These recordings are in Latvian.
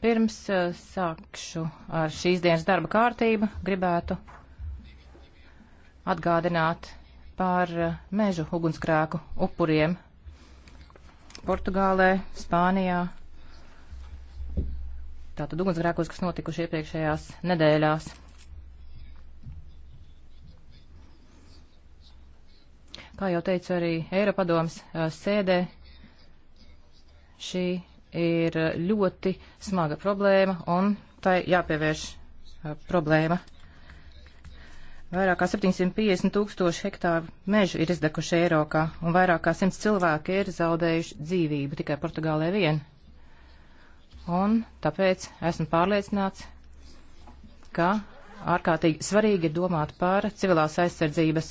Pirms uh, sākšu ar šīs dienas darba kārtību, gribētu atgādināt par uh, mežu ugunskrēku upuriem Portugālē, Spānijā. Tātad ugunsgrēkos, kas notikuši iepriekšējās nedēļās. Kā jau teicu arī Eiropadomas uh, sēdē, šī ir ļoti smaga problēma un tai jāpievērš problēma. Vairāk kā 750 tūkstoši hektāru mežu ir izdekuši Eirokā, un vairāk kā 100 cilvēki ir zaudējuši dzīvību tikai Portugālē vien. Un tāpēc esmu pārliecināts, ka ārkārtīgi svarīgi ir domāt par civilās aizsardzības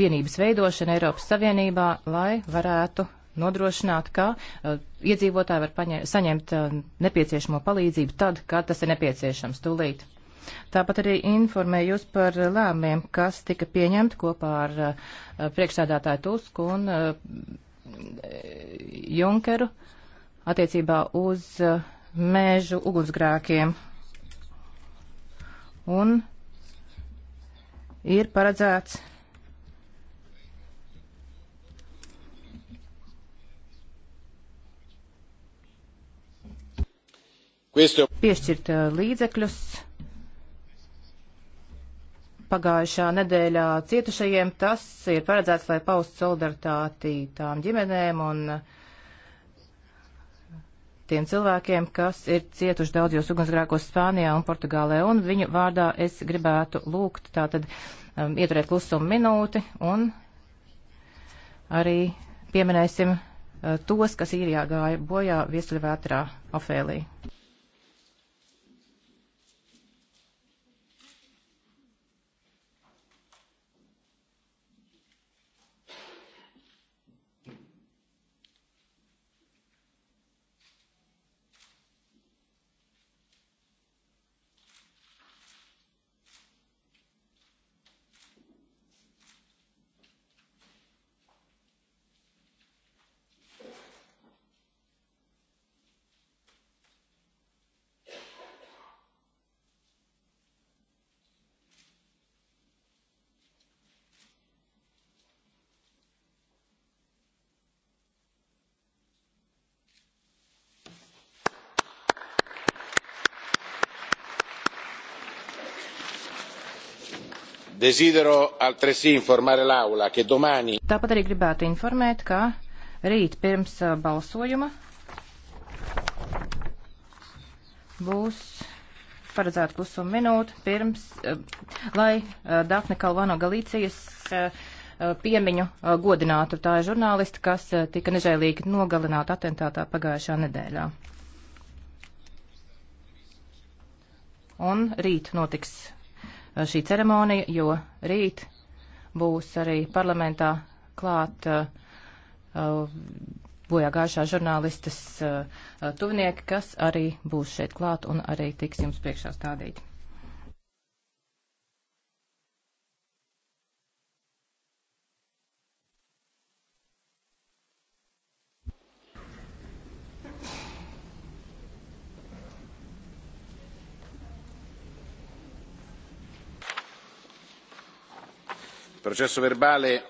vienības veidošanu Eiropas Savienībā, lai varētu nodrošināt, ka uh, iedzīvotāji var paņem, saņemt uh, nepieciešamo palīdzību tad, kad tas ir nepieciešams tūlīt. Tāpat arī informēju jūs par lēmiem, kas tika pieņemti kopā ar uh, priekšsēdētāju Tusku un uh, Junkeru attiecībā uz uh, mēžu ugunsgrēkiem. Un ir paredzēts Piešķirt līdzekļus pagājušā nedēļā cietušajiem tas ir paredzēts, lai paust solidaritāti tām ģimenēm un tiem cilvēkiem, kas ir cietuši daudzos ugunsgrēkos Spānijā un Portugālē. Un viņu vārdā es gribētu lūgt tātad um, ieturēt klusumu minūti un arī pieminēsim uh, tos, kas īrijā gāja bojā viesuļvētrā Ofēlī. Desidero altresì informare l'aula, ka domani. Tāpat arī gribētu informēt, ka rīt pirms uh, balsojuma būs paredzēta pusuma minūte pirms, uh, lai uh, Dafne Kalvano Galīcijas piemiņu godinātu. Tā ir žurnālista, kas tika nežēlīgi nogalināta atentātā pagājušā nedēļā. Un rīt notiks Uh, šī ceremonija, jo rīt būs arī parlamentā klāt uh, uh, bojā gājušā žurnālistas tuvnieki, kas arī būs šeit klāt un arī tiks jums priekšā stādīti. processo verbale